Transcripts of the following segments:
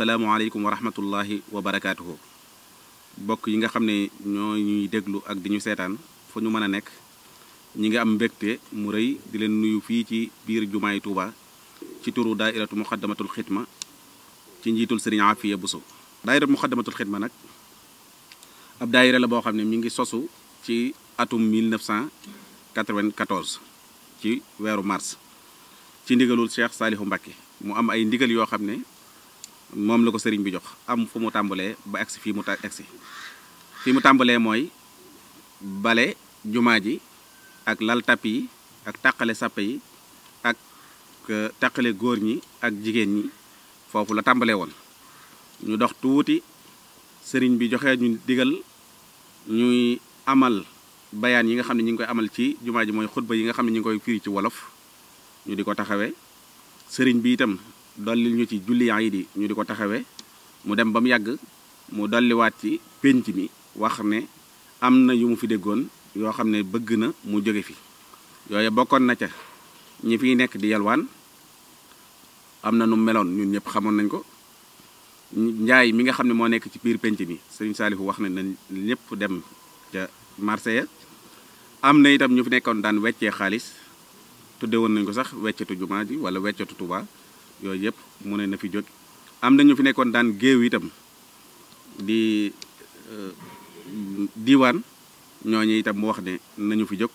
asalaamualeykum wa rahmatullahi wa barakaatuhu bokk yi nga xam ne ñoo ñuy déglu ak di ñu seetaan fa ñu mën a nekk ñi ngi am mbégte mu rëy di leen nuyu fii ci biir jumaay tuuba ci turu daairatu muxaddamatul xidma ci njiitul sëriñ Afiya Buso daairatu muxaddamatul xidma nag ab daaira la boo xam ne mi ngi sosu ci atum 1994 ci weeru mars ci ndigalul Cheikh Saalihu Mbakke mu am ay ndigal yoo xam ne moom la ko sëriñ bi jox am fu mu tàmbalee ba agsi fii mu ta agsi fii mu tàmbalee mooy bale jumaa ji ak lal tapp yi ak tàqale sappe yi ak tàqale góor ñi ak jigéen ñi foofu la tàmbalee woon ñu dox tuuti sëriñ bi joxe ñu digal ñuy amal bayaan yi nga xam ne ñu ngi koy amal ci jumaa ji mooy xutba yi nga xam ne ñu ngi koy firi ci wolof ñu di ko taxawee sëriñ bi itam dolli ñu ci julli yi di ñu di ko taxawee mu dem ba mu yàgg mu dolliwaat ci pénc mi wax ne am na yu mu fi déggoon yoo xam ne bëgg na mu jóge fi yooyu bokkoon na ca ñi fiy nekk di yalwaan am na nu meloon ñun ñëpp xamoon nañ ko njaay mi nga xam ne moo nekk ci biir penc mi sëriñ Saalihu wax na nañ ñëpp dem ca marché ya am na itam ñu fi nekkoon daan weccee xaalis tudde woon nañ ko sax weccatu jumaa ji wala weccetu tubaa yooyu yëpp mu ne na fi jóg am na ñu fi nekkoon daan géew itam di euh, diiwaan ñooñu itam mu wax ne nañu fi jóg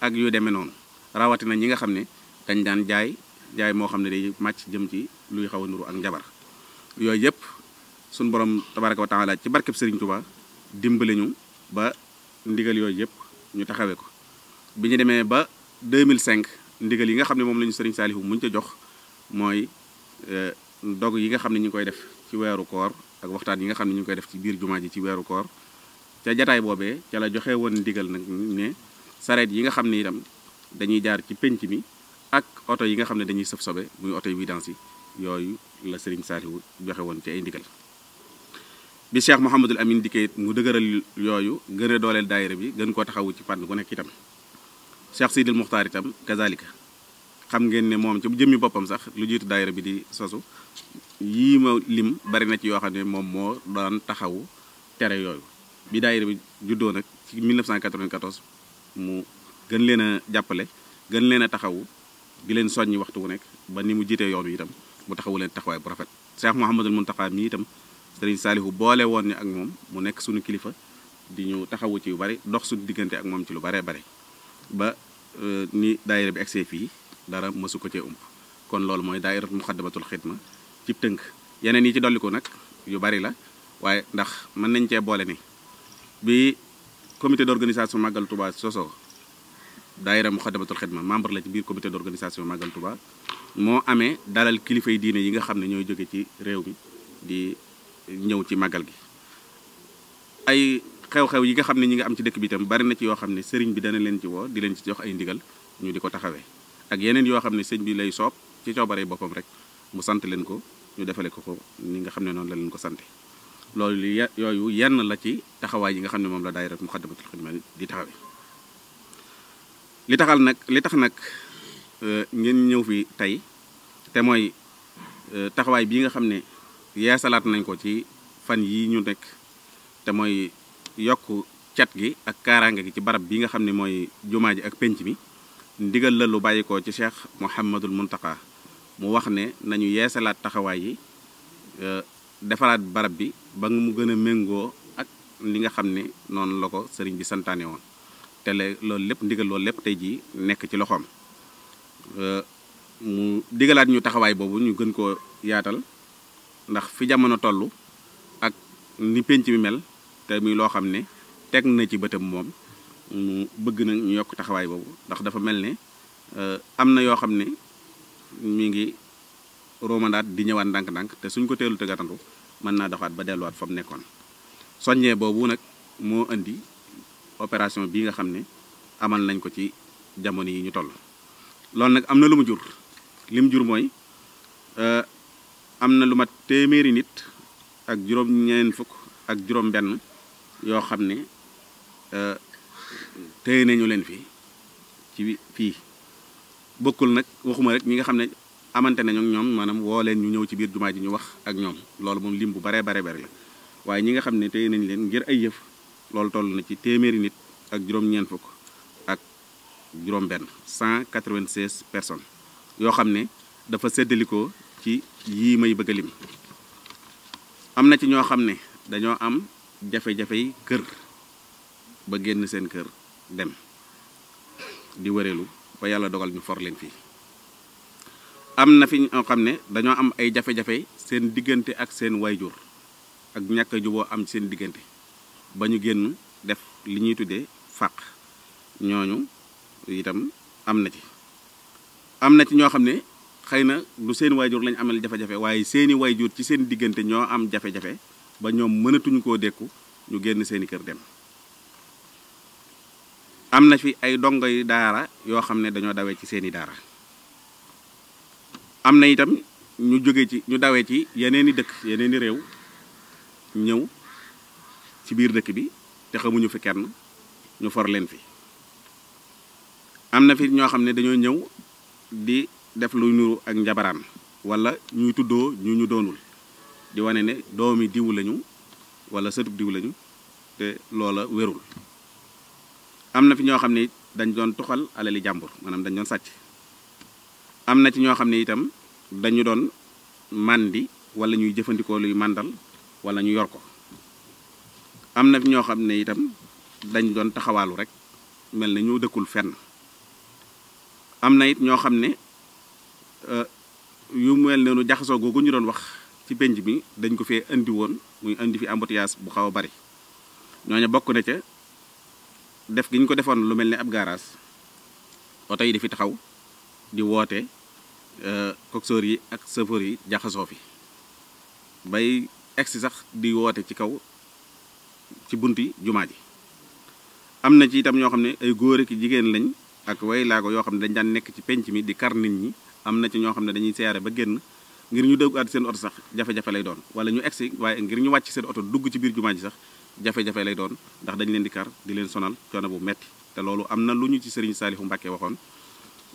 ak yu demee noonu rawatina ñi nga xam ne dañ daan jaay jaay moo xam ne day màcc jëm ci luy xaw a nuru ak njabar yooyu yëpp suñu borom tabaraka wa taala ci barkeb Serigne Touba dimbali ñu ba ndigal yooyu yëpp ñu taxawee ko bi ñu demee ba 2005 ndigal yi nga xam ne moom la ñu Serigne Saliou mu ñu jox mooy Euh, dog yi nga xam ne ñu koy def ci weeru koor ak waxtaan yi nga xam ne ñu koy def ci biir jumaa ji ci weeru koor ca jataay boobee ca la joxe woon ndigal nag ne sareet yi nga xam ne itam dañuy jaar ci pénc mi ak oto yi nga xam ne dañuy sëf sobe muy oto yi vidange yooyu la Serigne Saliou joxe woon ci ay ndigal bi Cheikh Mouhamadul Amin dikkee mu dëgëral yooyu gën a dooleel daayira bi gën koo taxawu ci fànn gu nekk itam Cheikh Sidil Muxtaar itam kazalika xam ngeen ne moom ci jëmmi boppam sax lu jiitu daayira bi di sosu yii ma lim bari na ci yoo xam ne moom moo daan taxawu tere yooyu bi daayira bi juddoo nag ci 1994 mu gën leen a jàppale gën leen a taxawu di leen soññi waxtu wu nekk ba ni mu jiitee yoon wi itam mu taxawu leen taxawaay bu rafet Cheikh Mouhamadul Mountakha mi itam sëriñ Saalihu boole woon ñu ak moom mu nekk suñu kilifa di ñu taxawu ci yu bari dox diggante ak moom ci lu baree bare ba euh, ni daayira bi egsee fii dara mësu ko cee ump kon loolu mooy daayiratu muxaddamatul xidma ci tënk yeneen yi ci dolliku nag yu bari la waaye ndax mën nañ cee boole ni bi comité d'organisation màggal Touba soso daayira muxaddamatul xidma membre la ci biir comité d'organisation màggal Touba moo amee dalal kilifay diine yi nga xam ne ñooy jóge ci réew mi di ñëw ci màggal gi ay xew-xew yi nga xam ne ñi nga am ci dëkk bi itam bari na ci yoo xam ne sëriñ bi dana leen ci woo di leen ci jox ay ndigal ñu di ko taxawee ak yeneen yoo xam ne sëñ bi lay soob ci coobare boppam rek mu sant leen ko ñu defale ko ko ni nga xam ne noonu la leen ko sante loolu yooyu yenn la ci taxawaay yi nga xam ne moom la daayira Muxaddamatul Xidma di taxawe li taxal nag li tax nag euh, ngeen ñëw fi tey te mooy euh, taxawaay bii nga xam ne yeesalaat nañ ko ci fan yi ñu nekk te mooy yokk cat gi ak kaaraanga gi ci barab bi nga xam ne mooy jumaa ji ak penc mi ndigal la lu bàyyi bàyyikoo ci cheikh Mouhamadul Mountakha mu wax ne nañu yeesalaat taxawaay yi euh, defaraat barab bi ba mu gën a méngoo ak li nga xam ne noonu la ko sëriñ bi santaane woon te loolu lépp ndigal loolu lépp tey jii nekk ci loxoom euh, mu digalaat ñu taxawaay boobu ñu gën koo yaatal ndax fi jamono toll ak ni pénc mi mel te muy loo xam ne teg na ci bëtam moom mu bëgg nag yokk taxawaay boobu ndax dafa mel ne euh, am na yoo xam ne mu ngi romandaat di ñëwaat ndànk-ndànk te suñ ko teelu te mën naa doxaat ba delluwaat fa mu nekkoon soññee boobu nag moo indi opération bii nga xam ne amal nañ ko ci jamono yi ñu toll loolu nag am na lu ma jur li jur mooy euh, am na lu mat téeméeri nit ak juróom ñeen fukk ak juróom benn yoo xam ne euh, téye nañu leen fii ci fii bokkul nag waxuma rek ñi nga xam ne amante nañu ñoom maanaam woo leen ñu ñëw ci biir jumaa ji ñu wax ak ñoom loolu moom lim bu baree bare bari la waaye ñi nga xam ne téye nañ leen ngir ay yëf loolu toll na ci téeméeri nit ak juróom-ñeent fukk ak juróom-benn 196 personnes yoo xam ne dafa séddalikoo ci yii may bëgg lim am na ci ñoo xam ne dañoo am jafe-jafey kër ba génn seen kër dem di wëreelu ba yàlla dogal ñu for leen fii am na fi ñoo xam ne dañoo am ay jafe-jafe seen diggante ak seen wayjur ak ñàkk a juboo am seen diggante ba ñu génn def li ñuy tuddee fàq ñooñu itam am na ci am na ci ñoo xam ne xëy na du seen wayjur lañ amal jafe-jafe waaye seeni wayjur ci seen diggante ñoo am jafe-jafe ba ñoom mënatuñu koo dékku ñu génn seeni kër dem am na fi ay dongo yu daara yoo xam ne dañoo dawee ci seeni daara am na itam ñu jóge ci ñu dawee ci yeneeni dëkk yeneeni réew ñëw ci biir dëkk bi te xamuñu fi kenn ñu for leen fi am na fi ñoo xam ne dañoo ñëw di def lu nuru ak njabaraan walla ñuy tuddoo ñu ñu doonul di wane ne doomi diw lañu wala sëtub diw lañu te loola wérul am na fi ñoo xam ne dañ doon tuxal alali jàmbur maanaam dañ doon sàcc am na ci ñoo xam ne itam dañu doon màndi walla ñuy jëfandikoo luy màndal wala ñu yor ko am na fi ñoo xam ne itam dañ doon taxawaalu rek mel na ñoo dëkkul fenn am na it ñoo xam ne eh, yu mel ne nu jaxasoo googu ñu doon wax ci bénj bi dañ ko fee indi woon muy indi fi embouteillage bu xaw a bari ñooñu bokk na ca. def gi ñu ko defoon lu mel ni ab garage oto yi di taxaw di woote euh, coxeur yi ak chauffeur yi jaxasoo fi bay egsi sax di woote ci kaw ci bunti jumaa ji am na ci itam ñoo xam ne ay góor ak jigéen lañ ak way laa ko yoo xam ne dañ daan nekk ci penc mi di kar nit ñi am na ci ñoo xam ne dañuy seyaare ba génn ngir ñu dëggaat seen oto sax jafe-jafe lay doon wala ñu egsi waaye ngir ñu wàcc seen oto dugg ci biir jumaa ji sax jafe-jafe lay doon ndax dañ leen di kar di leen sonal coono bu metti te loolu am na lu ñu ci sëriñ Saalihu Mbàkke waxoon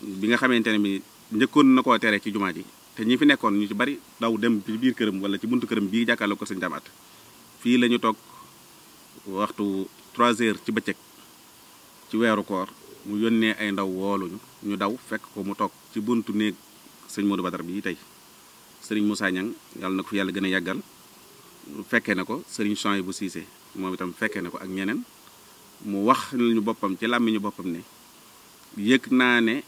bi nga xamante ne bi njëkkoon na ko tere ci jumaa ji te ñi fi nekkoon ñu ci bari daw dem ci biir këram wala ci buntu këram bii jàkkaarloo ko sëñ Daam fii la ñu toog waxtu 3 heures ci bëccëg ci weeru koor mu yónnee ay ndaw wooluñu ñu daw fekk ko mu toog ci buntu néeg sëñ Modou Badar bii tey sëriñ Moussa Niang yàlla na ko yàlla gën a yàggal fekkee na ko sëriñ Champs bu Cissé moom itam fekkee na ko ak ñeneen mu wax ñu boppam ci làmmiñu boppam ne yëg naa ne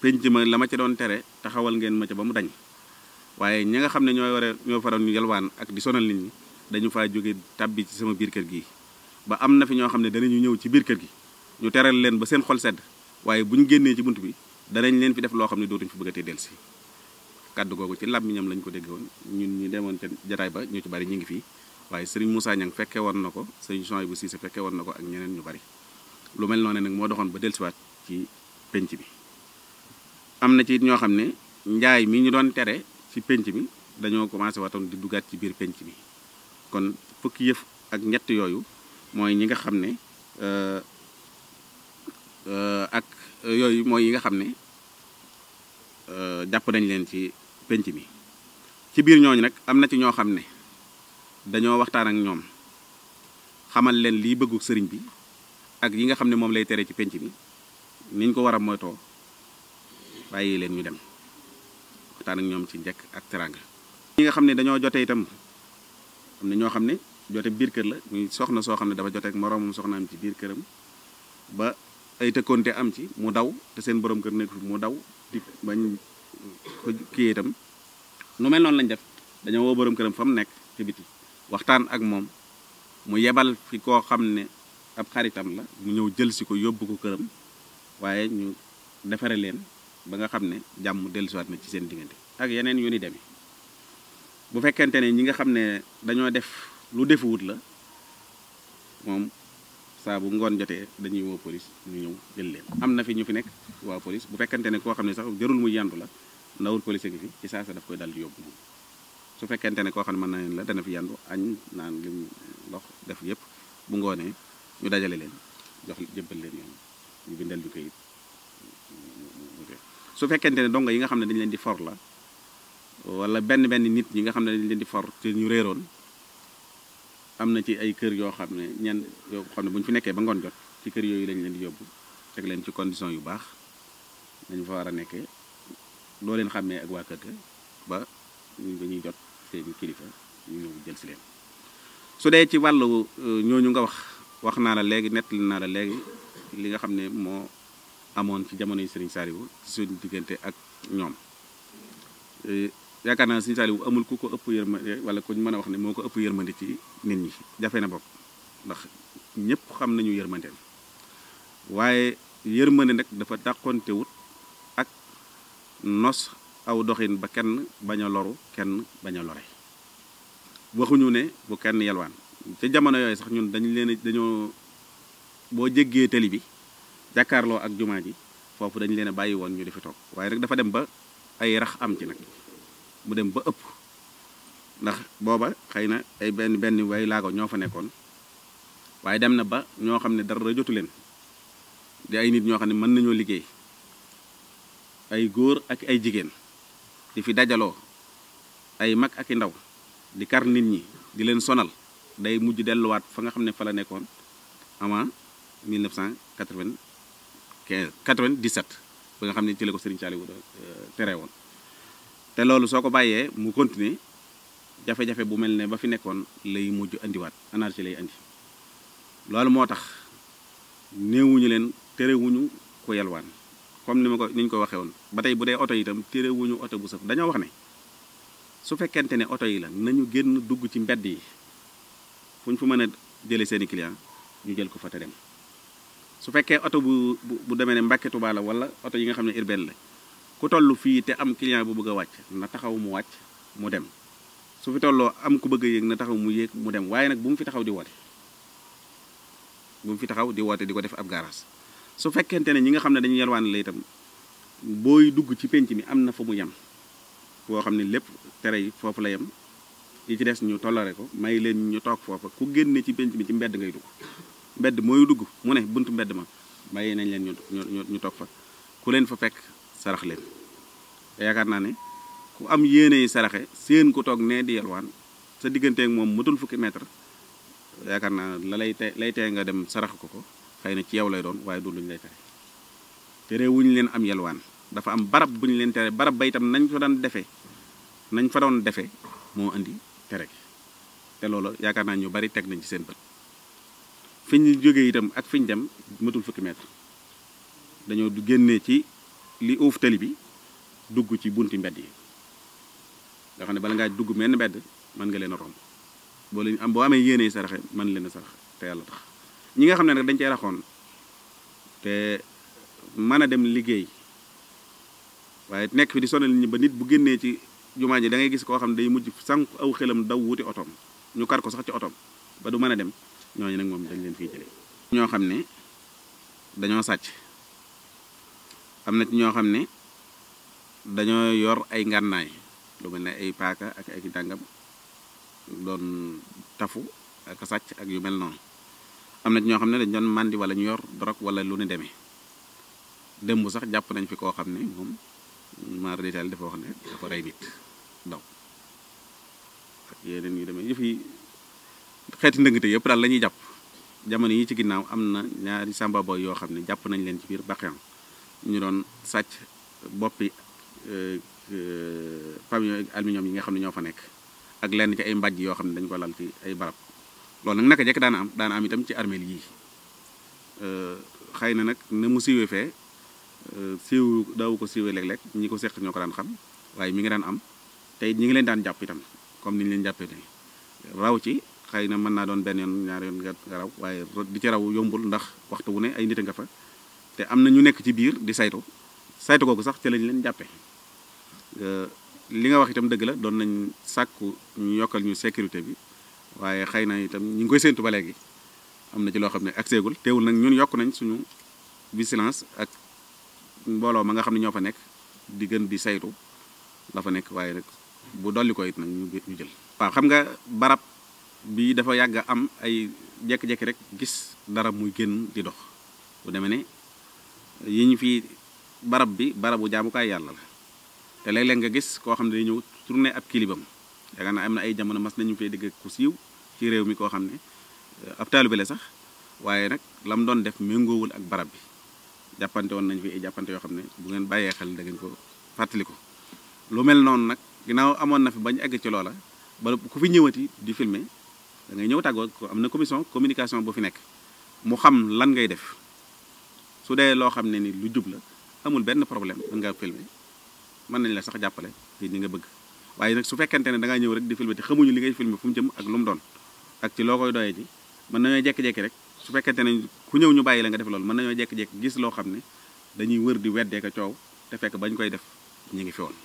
penc ma la ma doon tere taxawal ngeen ma ca ba mu dañ waaye ñi nga xam ne ñooy war a ñoo faral ñu yalwaan ak di sonal nit ñi dañu faa jóge tàbbi ci sama biir kër gi ba am na fi ñoo xam ne danañu ñëw ci biir kër gi ñu teral leen seen xol sedd waaye bu ñu génnee ci bunt bi danañ leen fi def loo xam ne dootuñ fi bëggatee dellu si kàddu googu ci làmmiñam lañ ko dégg ñun ñu demoon ca jataay ba ñu ci bari ñu ngi fii waaye sëriñ Moussa Niang fekke woon na ko sëriñ Jean bu Cissé fekke woon na ko ak ñeneen ñu bari lu mel noonu nag moo doxoon ba dellusiwaat ci penc bi am na ci ñoo xam ne njaay mi ñu doon tere ci penc bi dañoo commencé waatoon di dugaat ci biir penc bi kon fukki yëf ak ñett yooyu mooy ñi nga xam ne euh, euh, ak yooyu mooy yi nga xam ne euh, jàpp nañ leen ci penc bi ci biir ñooñu nag am na ci ñoo xam ne dañoo waxtaan ak ñoom xamal leen liy bëggu sëriñ bi ak yi nga xam ne moom lay tere ci penc bi niñ ko war a moytoo bàyyi leen ñu dem waxtaan ak ñoom ci njëkk ak teranga yi nga xam ne dañoo jote itam am na ñoo xam ne jote biir kër la muy soxna soo xam ne dafa jote ak moroomam ci biir këram ba ay tëkkoonte am ci mu daw te seen borom kër nekk mu daw di bañ mel noonu lañ def dañoo woo borom këram fa mu nekk ci biti waxtaan ak moom mu yebal fi koo xam ne ab xaritam la mu ñëw jël si ko yóbbu ko këram waaye ñu defare leen ba nga xam ne jàmm dellusiwaat na ci seen diggante ak yeneen yu ni demee bu fekkente ne ñi nga xam ne dañoo def lu defuwut la moom saa ngoon jotee dañuy woo police ñu ñëw jël leen am na fi ñu fi nekk waa police bu fekkante ne koo xam ne sax jërul mu yandu la ndawul police ngi fi ci saa sa daf koy dal di yóbbu moom su fekkente ne koo xam ne mën na leen la dana fi yandu añ naan lim ndox def yëpp bu ngoonee ñu dajale leen jox jëbbal leen yoon ñu bindal su fekkente ne dongo yi nga xam ne dañ leen di for la wala benn benn nit ñi nga xam ne dañ leen di for te ñu réeroon am na ci ay kër yoo xam ne ñenn yoo xam ne bu ñu fi nekkee ba ngoon jot ci kër yooyu lañ leen di yóbbu teg leen ci condition yu baax dañ fa war a nekkee doo leen xàmmee ak waa kër ga ba ñu dañuy jot kilifa ñu ñëw jël si leen su dee ci wàllu euh, ñooñu nga wax wax naa la léegi nettali naa la léegi li nga xam ne moo amoon ci jamono yi Serigne Saliou ci diggante ak ñoom euh, yaakaar naa Serigne Saliou amul ku ko ëpp yërmande wala ku mën a wax ne moo ko ëpp yërmande ci nit ñi jafe na bopp ndax ñëpp xam nañu yërmandeem waaye yërmande nag dafa dàqonte wut ak nos aw doxin ba kenn bañ a loru kenn bañ a lore waxuñu ne bu kenn yalwaan ca jamono yooyu sax ñun dañu leen dañoo boo jéggee tali bi jàkkaarloo ak jumaa ji foofu dañu leen a bàyyi woon ñu di fi toog waaye nag dafa dem ba ay rax am ci nag mu dem ba ëpp ndax booba xëy na ay benn benn way laago ñoo fa nekkoon waaye dem na ba ñoo xam ne dara jotu leen di ay nit ñoo xam ne mën nañoo liggéey ay góor ak ay jigéen di fi dajaloo ay mag ak i ndaw di kar nit ñi di leen sonal day mujj delluwaat fa nga xam ne fa la nekkoon avant 1995 97 ba nga xam ne ci la ko Serigne Saliou euh, tere woon te loolu soo ko bàyyee mu continuer jafe-jafe bu mel ne ba fi nekkoon lay mujj indiwaat anarchie lay andi loolu moo tax néewuñu leen terewuñu ko yalwaan comme ni ma ko niñ ko waxe woon ba tey bu dee oto yi itam terewuñu oto bu sëf dañoo wax ne su fekkente ne oto yi la nañu génn dugg ci mbedd yi fu ñu fu mën a jëlee seeni client ñu jël ko fa te dem su fekkee oto bu bu demee ne Mbàkke Tuubaa la wala oto yi nga xam ne urbaine la ku tollu fii te am client bu bëgg a wàcc na taxaw mu wàcc mu dem su fi tolloo am ku bëgg a yéeg na taxaw mu yéeg mu dem waaye nag bu mu fi taxaw di woote bu mu fi taxaw di woote di ko def ab garage su fekkente ne ñi nga xam ne dañuy yelwaan la itam booy dugg ci pénc mi am na fa mu yem boo xam ne lépp tere yi foofu la yem yi ci des ñu tollare ko may leen ñu toog foofa ku génne ci penc mi ci mbedd ngay dugg mbedd mooy dugg mu ne buntu mbedd ma bàyyi nañ leen ñu ñu toog fa ku leen fa fekk sarax leen yaakaar naa ne ku am yéene yi saraxe seen ku toog nee di yelwaan sa digganteek moom matul fukki mètre yaakaar naa la lay te lay tee nga dem sarax ko ko xëy na ci yow lay doon waaye du luñ lay tere tere wuñu leen am yelwaan dafa am barab bu ñu leen tere barab ba itam nañ fa daan defee nañ fa doon defee moo indi tere gi te loolu yaakaar naa ñu bari teg nañ ci seen bët fi ñu jógee itam ak fi ñu dem matul fukki mètre dañoo du génnee ci li uuf tali bi dugg ci bunti mbedd yi nga xam ne bala ngaa dugg menn mbedd mën nga leen a romb boo leen am boo amee yéene saraxe mën leen a sarax te yàlla tax ñi nga xam ne nag dañ cee raxoon te mën a dem liggéey waaye nekk fi di sonal nit ñi ba nit bu génnee ci jumaa yi dangay gis koo xam ne day mujj sànq aw xelam daw wuti otoom ñu kar sax ci otoom ba du mën a dem ñooñu nag moom dañ leen fiy ñoo xam ne dañoo sàcc am na ci ñoo xam ne dañoo yor ay ngànnaay lu mel ne ay paaka ak ay dàngam doon tafu ak sàcc ak yu mel noonu. am na ñoo xam ne dañ doon màndi wala ñu yor drogue wala lu ni demee démb sax jàpp nañ fi koo xam ne moom maar détail dafa wax ne dafa rey nit daw ak yeneen yu demee yëf yi xeeti ndëngte yëpp daal lañuy jàpp jamono yi ci ginnaaw am na ñaari samba yoo xam ne jàpp nañ leen ci biir Bakheng ñu doon sàcc boppi euh, euh, pavillon aluminium yi nga xam ne ñoo fa nekk ak lenn ci ay mbàjj yoo xam ne dañu ko lal ci ay barab loolu nag naka jekk daan am daan am itam ci armeel yii euh, xëy na nag na mu siiwee fee euh, siiw daawu ko siiwee léeg-léeg ñi ko seq ñoo ko daan xam waaye mi ngi daan am tey ñi ngi leen daan jàpp itam comme ni leen jàppee nii raw ci xëy na mën naa doon benn yoon ñaar yoon nga raw waaye di ci raw yombul ndax waxtu wu ne ay nit a nga fa te am na ñu nekk ci biir di saytu saytu kooku sax ca lañ leen jàppee euh, li nga wax itam dëgg la doon nañ sàkku ñu yokkal ñu sécurité bi waaye xëy na itam ñu ngi koy séntu ba léegi am na ci loo xam ne ak seegul teewul nag ñun yokk nañ suñu vigilance ak mbooloo ma nga xam ne ñoo fa nekk di gën di saytu dafa nekk waaye nag bu dolli ko it nag ñu jël. waaw xam nga barab bi dafa yàgg am ay jékki-jékki rek gis dara muy génn di dox bu demee ne yi ñu fi barab bi barabu jaamukaay yàlla la te léeg-léeg nga gis koo xam ne day ñëw tourné ab kilibam. yaakaar naa am na ay jamono mas nañu fay dégg ku siiw ci réew mi koo xam ne ab taalibe la sax waaye nag la mu doon def méngoowul ak barab bi jàppante woon nañ fi ay jàppante yoo xam ne bu ngeen bàyyee xel da ngeen ko fàttali ko lu mel noonu nag ginnaaw amoon na fi ba bañ egg ci loola ba ku fi ñëwati di filmer da ngay ñëw tàggoo am na commission communication bu fi nekk mu xam lan ngay def su dee loo xam ne ni lu jub la amul benn problème mën ngaa mën nañ la sax jàppale ci ñi nga bëgg waaye su fekkente ne da ñëw rek di filmer te xamuñu li ngay filmer fu mu jëm ak lu mu doon ak ci loo koy doyee ji mën nañoo jekki-jekki rek su fekkente ne ku ñëw ñu bàyyi la nga def loolu mën nañoo jekki-jekki gis loo xam ne dañuy wër di weddeeka coow te fekk bañ koy def ñu ngi fi woon